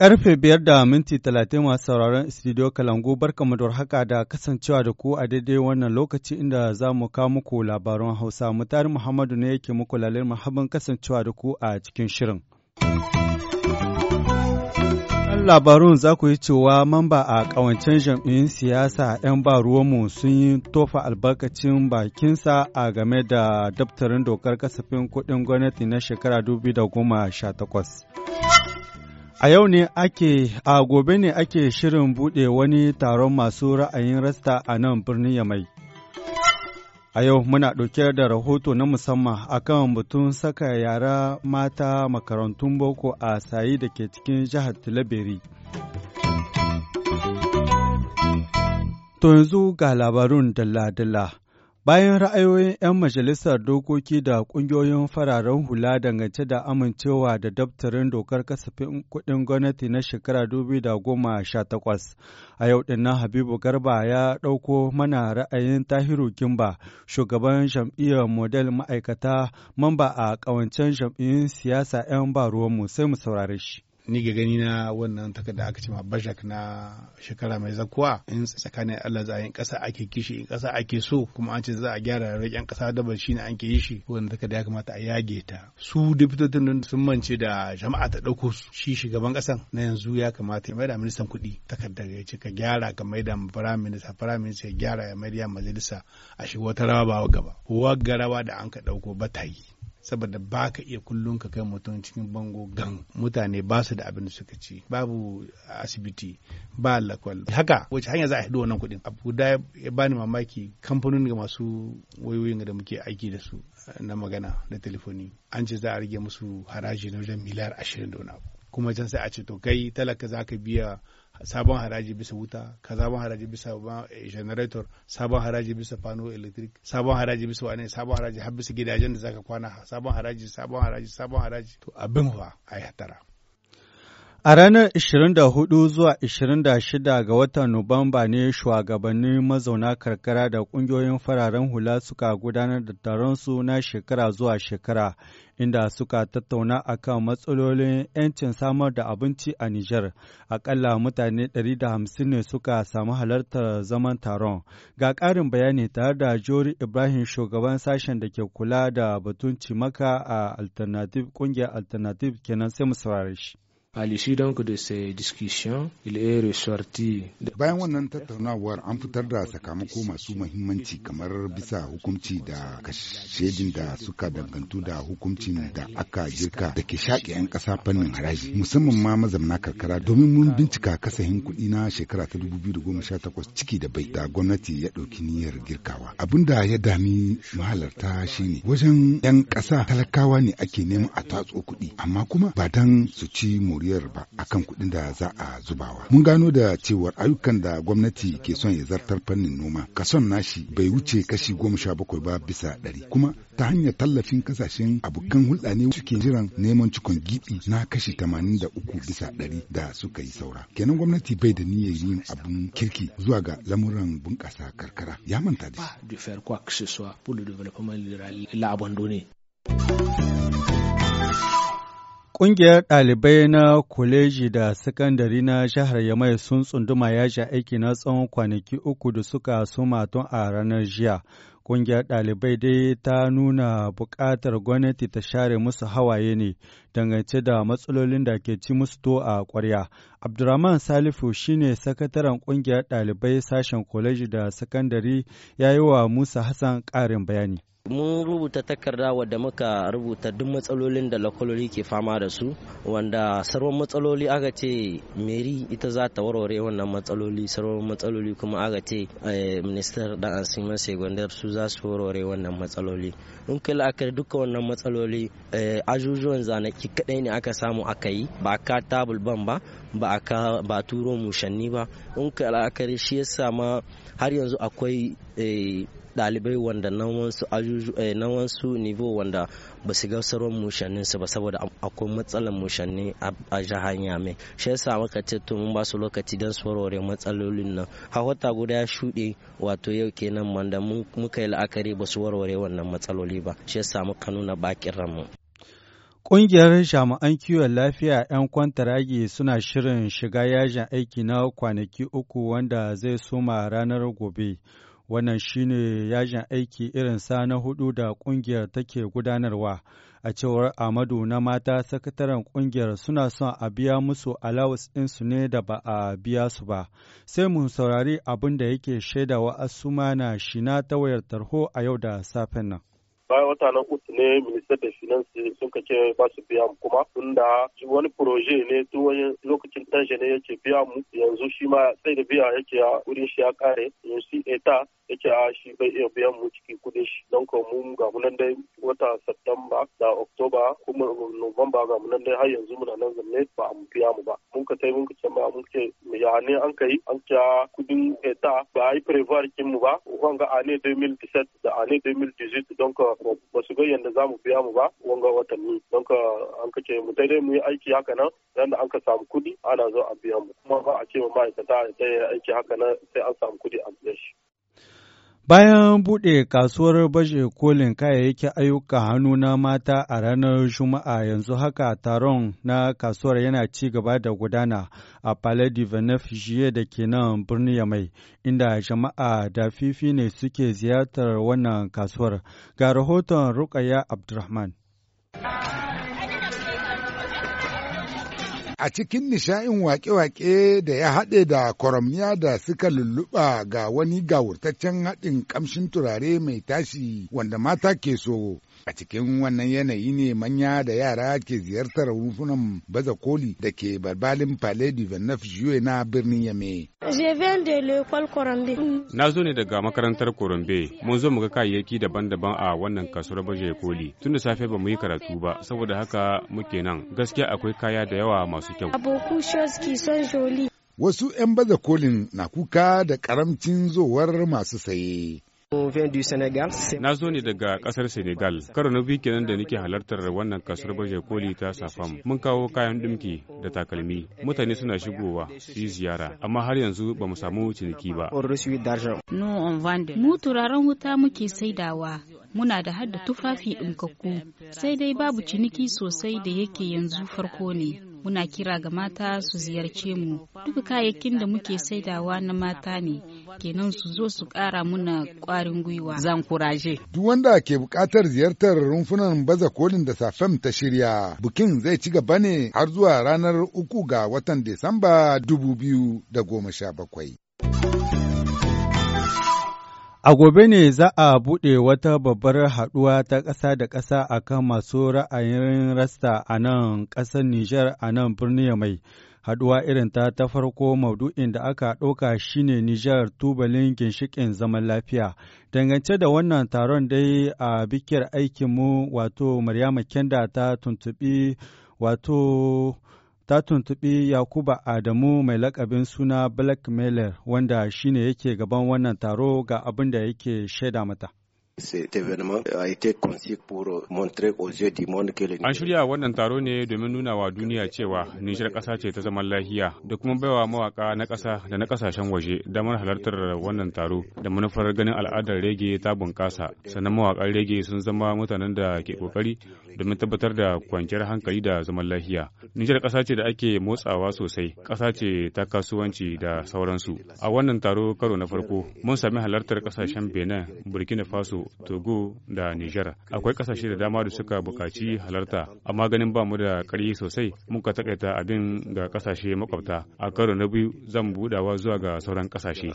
Karfe biyar da minti talatin masu sauraron studio Kalangu barkamu da haka da kasancewa da ku a daidai wannan lokaci inda za mu kawo muku labarun Hausa. Mutari Muhammadu ne yake muku lalir Muhammadu kasancewa da ku a cikin shirin. labarun za ku yi cewa mamba a ƙawancen jam'in siyasa 'yan ba ruwanmu sun yi tofa albarkacin bakinsa a game da daftarin dokar kasafin kudin gwamnati na shekara 2018. A yau ne ake, a gobe ne ake shirin buɗe wani taron masu ra'ayin rasta a nan birnin Yamai. A yau muna ɗauke da rahoto na musamman akan batun saka yara mata makarantun boko a sayi da ke cikin jihar Tilaberi. To yanzu ga labarun dalla-dalla. Bayan ra'ayoyin 'yan majalisar dokoki da ƙungiyoyin fararen hula dangance da amincewa da daftarin dokar kasafin kuɗin gwamnati na shekara 2018, a yau na Habibu Garba ya ɗauko mana ra'ayin Tahiru Gimba, shugaban jam'iyyar model ma'aikata mamba a ƙawancen jam'iyyun siyasa 'yan baruwanmu sai mu saurare shi. ni ga gani na wannan takarda aka ce ma bajak na shekara mai zakuwa in tsakanin Allah za a yi kasa ake kishi in kasa ake so kuma an ce za a gyara yan kasa da ba shi ne an ke yi shi wannan takarda ya kamata a yage ta su deputatun nan sun mance da jama'a ta dauko su shi shugaban ƙasan na yanzu ya kamata ya maida ministan kuɗi takardar ya ce ka gyara ka maida ma firayim minista firayim minista ya gyara ya maida majalisa a shi wata rawa ba gaba. Wa garawa da an ka ɗauko ba ta yi. saboda ba ka iya kullum ka kai mutum cikin bango gan mutane ba su da abin da suka ci babu asibiti ba lakwal haka wace hanya za a haɗu wannan kuɗin abu da ya bani mamaki kamfanin ga masu wayoyin da muke aiki da su eh, na magana na telefoni an ce za a rage musu haraji na wajen miliyar ashirin da wani abu kuma can sai a ce to kai talaka za ka biya sabon haraji bisa wuta ka sabon haraji bisa eh, generator sabon haraji bisa fano electric sabon haraji bisa wani sabon haraji har bisa gidajen da zaka kwana sabon haraji sabon haraji sabon haraji to abin fa ai hatara A ranar 24 zuwa 26 ga watan Nuwamba ne shugabannin mazauna karkara da ƙungiyoyin fararen hula suka gudanar da taron su na shekara zuwa shekara, inda suka tattauna akan matsalolin 'yancin samar da abinci a Nijar. Akalla mutane 150 ne suka samu halartar zaman taron. Ga ƙarin bayani tare da Jori Ibrahim shugaban sashen da ke kula da batun cimaka a Alternative ƙungiyar Alternative kenan sai mu saurare shi. A l'issue donc de ces discussions, il est ressorti. Bayan wannan tattaunawar an fitar da sakamako masu muhimmanci kamar bisa hukunci da kashedin da suka dangantu da hukuncin da aka jirka da ke shaƙe 'yan ƙasa fannin haraji musamman ma mazamna karkara domin mun bincika kasahin kuɗi na shekara ta 2018 ciki da bai da gwamnati ya ɗauki niyyar girkawa. Abin da ya dami mahalarta shine wajen 'yan ƙasa talakawa ne ake neman a tatso kuɗi amma kuma ba dan su ci mu moriyar ba kan kuɗin da za a zubawa. Mun gano da cewar ayyukan da gwamnati ke son ya zartar fannin noma kason nashi bai wuce kashi goma sha bakwai ba bisa ɗari kuma ta hanyar tallafin kasashen abokan hulɗa ne suke jiran neman cikon gidi na kashi tamanin da uku bisa ɗari da suka yi saura. Kenan gwamnati bai da niyyar yin abun kirki zuwa ga lamuran bunƙasa karkara ya manta da shi. Ƙungiyar ɗalibai na kwaleji da sakandare na jihar Yamai sun tsunduma yaji aiki na tsawon kwanaki uku da suka suma tun a ranar jiya. Ƙungiyar ɗalibai dai ta nuna buƙatar gwamnati ta share musu hawaye ne dangance da matsalolin da ke ci musu to a ƙwarya. Abdurrahman Salifu shine sakataren ƙungiyar ɗalibai sashen kwaleji da sakandare ya yi wa Musa Hassan ƙarin bayani. mun rubuta takarda wadda muka rubuta duk matsalolin da lakwaloli ke fama da su wanda sarwan matsaloli aka ce meri ita za ta warware wannan matsaloli sarwan matsaloli kuma aka ce eh, minister da asimin segundar su za su warware wannan matsaloli in kai la'akari duka wannan matsaloli eh, ajujuwan zanaki kadai ne aka samu aka yi ba ka tabul ban ba ba a ba turo mushanni ba in kai la'akari shi ya ma har yanzu akwai eh, dalibai wanda na ajuju eh, na nivo wanda ba su ga sauran mushannin su ba saboda akwai matsalar mushanni a jihar Yamai shi yasa muka ce to mun ba su lokaci don su warware matsalolin nan a wata guda ya shuɗe wato yau kenan wanda muka yi la'akari ba su warware wannan matsaloli ba shi yasa muka nuna bakin ranmu Ƙungiyar jami'an kiwon lafiya 'yan kwantaragi suna shirin shiga yajin aiki na kwanaki uku wanda zai soma ranar gobe. Wannan shine yajin aiki irin sa na hudu da ƙungiyar take gudanarwa. A cewar Amadu na mata sakataren ƙungiyar suna son a biya musu alawus ɗinsu ne da ba a biya su ba. Sai mu saurari abin da yake shaidawa Asuma na Shina ta wayar tarho a yau da safen nan. bayan wata nan uku ne minister da finance sun kace ba su biya mu kuma tunda wani proje ne tun wani lokacin tashi ne yake biya mu yanzu shi ma sai da biya yake a wurin shi ya kare yanzu eta yake a shi bai iya biyan mu cikin kudin shi don ko mu ga nan dai wata satamba da oktoba kuma nuwamba ga nan dai har yanzu muna nan zanne ba mu biya mu ba mun ka tai mun ka ba mun ce ya ne an kai an ce kudin eta ba a yi prevoir kin mu ba wanga ane 2017 da ane 2018 don ka kuma ba su ga da za mu biya mu ba wanga watanni don ka an kace mu dai mu yi aiki haka nan dan da an ka samu kuɗi ana zo a biya mu kuma ba a ce ma ma'aikata ya aiki haka nan sai an samu kuɗi a biya shi. Bayan buɗe kasuwar baje kolin kayayyaki ayyuka hannu na mata a ranar Juma'a yanzu haka taron na kasuwar yana ci gaba da gudana a Palais du jiye da ke nan birnin Yamai, inda jama'a da fifi ne suke ziyartar wannan kasuwar. Ga rahoton Rukaya Abdurrahman. a cikin nisha'in waƙe-waƙe da ya haɗe da kwaramniya da suka lulluɓa ga wani gawurtaccen haɗin ƙamshin turare mai tashi wanda mata ke so A cikin wannan yanayi ne manya da yara ke ziyartar rufunan baza koli da ke barbalin Palais du na birnin Yame. Na zo ne daga makarantar Korombe, mun zo mu ga kayayyaki daban-daban a wannan kasuwar baje koli. Tun da safe ba mu yi karatu ba, saboda haka muke nan. Gaskiya akwai kaya da yawa masu kyau. Wasu 'yan baza kolin na kuka da karamcin zowar masu saye. Na zo ne daga kasar Senegal. Karo na biyu kenan da nake halartar wannan kasar baje koli ta Safam. Mun kawo kayan dumki da takalmi. Mutane suna shigowa su yi ziyara, amma har yanzu ba mu samu ciniki ba. Mu turaren wuta muke saidawa. Muna da hada tufafi ɗinkakku sai dai babu ciniki sosai da yake yanzu farko ne. Muna kira ga mata su ziyarce mu. duka kayayyakin da muke saidawa na mata ne kenan su zo su ƙara muna ƙwarin gwiwa zan kuraje duk wanda ke buƙatar ziyartar rumfunan baza kolin da safem ta shirya bukin zai ci gaba ne har zuwa ranar uku ga watan Disamba dubu goma sha bakwai. A gobe ne za a buɗe wata babbar haɗuwa ta ƙasa da ƙasa a kan masu ra'ayin rasta a nan ƙasar Nijar a nan birnin mai. Haɗuwa irin ta ta farko maudu'in da aka ɗauka shine Nijar tubalin ginshikin zaman lafiya. Dangance da wannan taron dai a bikiyar aikinmu wato Maryama Kenda ta tuntubi wato ta tuntuɓi Yakuba Adamu mai lakabin suna Black Mailer wanda shine yake gaban wannan taro ga abin da yake shaida mata. cet événement a été conçu pour montrer aux yeux du monde que An shirya wannan taro ne domin nuna wa duniya cewa Nijar ƙasa ce ta zaman lafiya da kuma baiwa mawaka na ƙasa da na ƙasashen waje damar halartar wannan taro da manufar ganin al'adar rege ta bunƙasa sannan mawakan rege sun zama mutanen da ke kokari domin tabbatar da kwanciyar hankali da zaman lafiya. Nijar ƙasa ce da ake motsawa sosai, ƙasa ce ta kasuwanci da sauransu. A wannan taro karo na farko mun sami halartar ƙasashen Benin, Burkina Faso, Togo da Nijar. Akwai kasashe da dama da suka bukaci halarta, amma ganin ba mu da ƙarfi sosai muka takaita abin ga kasashe makwabta. A karo na biyu zan buɗawa zuwa ga sauran kasashe.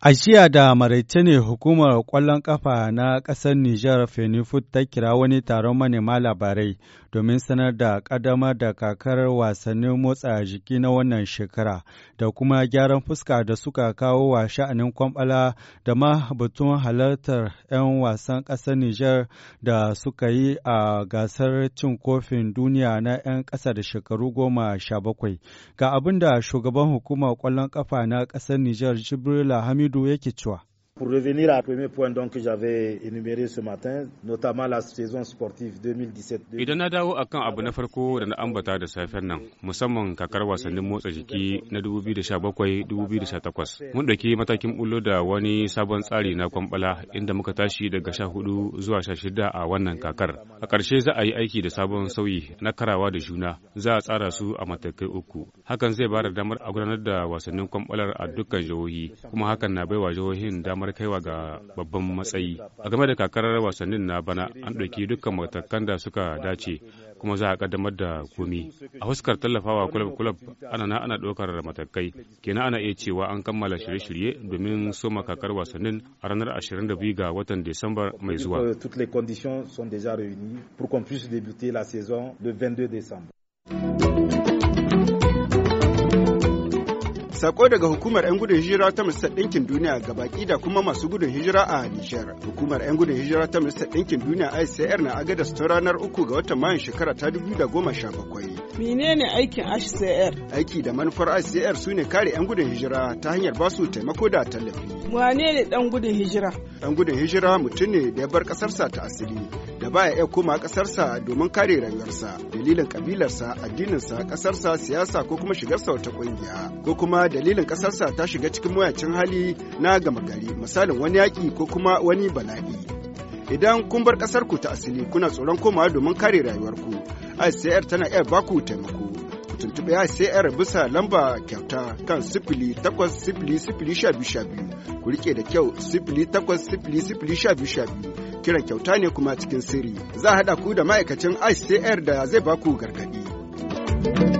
A jiya da maraice ne hukumar kwallon ƙafa na ƙasar Nijar Fenifut ta kira wani taron manema labarai domin sanar da ƙaddamar da kakar wasannin motsa jiki na wannan shekara da kuma gyaran fuska da suka kawo wa sha'anin kwamɓala da ma batun halartar 'yan wasan ƙasar Nijar da suka yi a gasar cin kofin duniya na 'yan ƙasa da shekaru goma sha bakwai. Ga abin da shugaban hukumar ƙwallon ƙafa na ƙasar Nijar jibril Hamidu yake cewa. Pour revenir à premier point donc que j'avais énuméré ce matin, notamment la saison sportive 2017. Idan na dawo akan abu na farko da na ambata da safen nan, musamman kakar wasannin motsa jiki na 2017-2018. Mun ɗauki matakin bullo da wani sabon tsari na kwambala inda muka tashi daga 14 zuwa 16 a wannan kakar. A ƙarshe za a yi aiki da sabon sauyi na karawa da juna, za a tsara su a matakai uku. Hakan zai ba da damar a gudanar da wasannin kwambalar a dukkan jihohi, kuma hakan na baiwa jihohin damar damar kaiwa ga babban matsayi. A game da kakar wasannin na bana an ɗauki dukkan matakan da suka dace kuma za a kaddamar da komi. A fuskar tallafawa kulab-kulab ana na ana ɗaukar matakai. Kenan ana iya cewa an kammala shirye-shirye domin soma kakar wasannin a ranar 22 ga watan desamba mai zuwa. thank you la le Sako daga hukumar 'yan gudun hijira ta Majalisar Ɗinkin Duniya ga baki da kuma masu gudun hijira a Nijar. Hukumar 'yan gudun hijira ta Majalisar Ɗinkin Duniya ICR na su ta ranar uku ga watan Mayun shekara ta da goma sha bakwai. Menene aikin ICR? Aiki da manufar ICR su ne kare 'yan gudun hijira ta hanyar ba su taimako da tallafi. Wane ne ɗan gudun hijira? Ɗan gudun hijira mutum ne da ya bar ƙasarsa ta asali da baya iya koma ƙasarsa domin kare rangarsa dalilin ƙabilarsa addininsa ƙasarsa siyasa ko kuma shigarsa wata ƙungiya ko kuma dalilin ƙasarsa ta shiga cikin mayacin hali na gama gari misalin wani yaƙi ko kuma wani bala'i idan kun bar ƙasarku ta asali kuna tsoron komawa domin kare rayuwarku ICR tana iya baku taimako ku tuntuɓe ICR bisa lamba kyauta kan sifili takwas sifili sifili sha biyu ku riƙe da kyau sifili takwas sifili sifili sha biyu kiran kyauta ne kuma cikin sirri za a haɗa ku da ma'aikacin ICR da zai baku gargaɗi.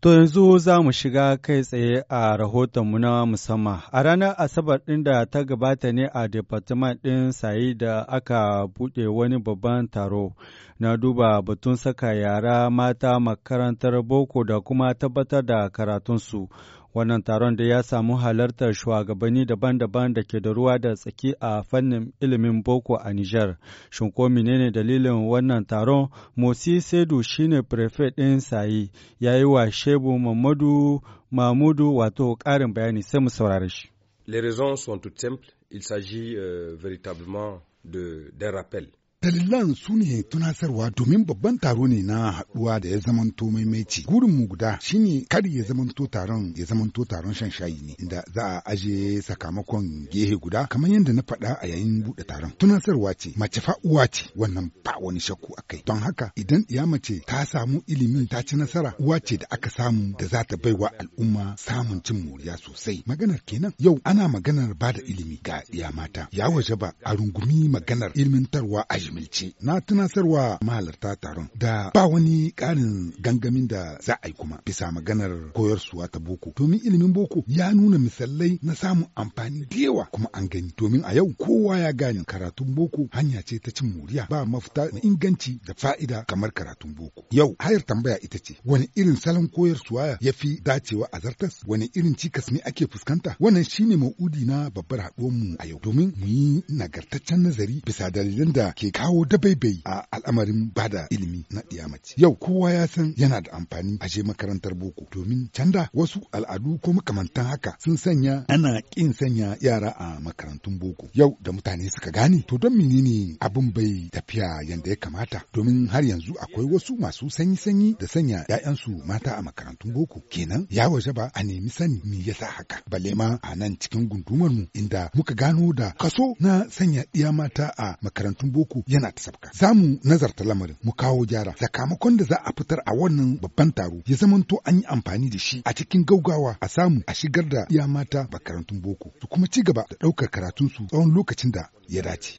To yanzu za mu shiga kai tsaye a rahoton mu na musamman. A ranar Asabar ɗin da ta gabata ne a Departement ɗin sayi da aka buɗe wani babban taro na duba batun saka yara mata makarantar boko da kuma tabbatar da karatunsu. Wannan taron da ya samu halartar shugabanni daban-daban da ke da ruwa da tsaki a fannin ilimin boko a Nijar. Shin ko menene dalilin wannan taron? Mosi Sedu shine prefet ɗin sayi ya yi wa Shebu Mamadu Mamudu wato ƙarin bayani sai mu saurare shi. Les raisons sont toutes simples. Il s'agit euh, véritablement d'un rappel. Dalilan su ne tunasarwa domin babban taro ne na haɗuwa da ya zamanto maimaici. mu guda shine kar ya zamanto taron ya zamanto taron shan shayi ne inda za a aje sakamakon gehe guda kamar yadda na faɗa a yayin buɗe taron. Tunasarwa ce mace fa uwa ce wannan ba wani shakku a kai. Don haka idan iya mace ta samu ilimin ta ci nasara uwa ce da aka samu da za ta baiwa al'umma samun cin moriya sosai. Maganar kenan yau ana maganar ba da ilimi ga iya mata. Ya waje ba a rungumi maganar ilmintarwa a jimilce na tunasarwa mahalarta taron da ba wani ƙarin gangamin da za a yi kuma bisa maganar koyar suwa ta boko domin ilimin boko ya nuna misalai na samun amfani da yawa kuma an gani domin a yau kowa ya gane karatun boko hanya ce ta cin moriya ba mafita na inganci da fa'ida kamar karatun boko yau hayar tambaya ita ce wani irin salon koyar suwa ya fi dacewa a zartas wani irin cikas ne ake fuskanta wannan shine ma'udi na babbar mu a yau domin mu yi nagartaccen nazari bisa dalilin da ke kawo dabaibai a al'amarin bada ilimi na mace. Yau kowa ya san yana da amfani a je makarantar boko domin canda wasu al'adu ko makamantan haka sun sanya ana ƙin sanya yara a makarantun boko. Yau da mutane suka gane to don menene abin bai tafiya yadda ya kamata domin har yanzu akwai wasu masu sanyi-sanyi da sanya 'ya'yansu mata a makarantun boko kenan ya waje ba a nemi sani me yasa haka balle ma a nan cikin gundumar mu inda muka gano da kaso na sanya ɗiya mata a makarantun boko yana ta sabka za mu nazarta lamarin mu kawo gyara sakamakon da za a fitar a wannan babban taro ya zamanto an yi amfani da shi a cikin gaugawa a samu a shigar da iya mata makarantun boko su kuma ci gaba da ɗaukar karatun su tsawon lokacin da ya dace.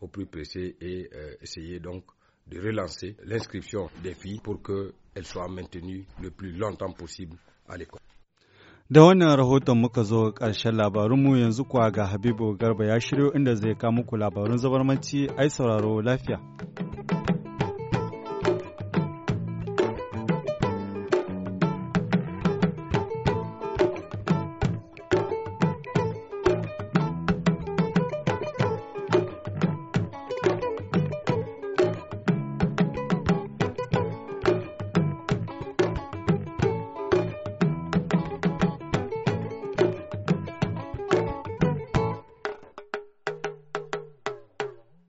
au plus pressé et euh, de relancer l'inscription des filles pour qu'elles soient maintenues le plus longtemps possible à l'école. Da wannan rahoton muka zo ƙarshen labarunmu yanzu kuwa ga Habibu Garba ya shiryo inda zai kawo muku labarun zabarmanci ai sauraro lafiya.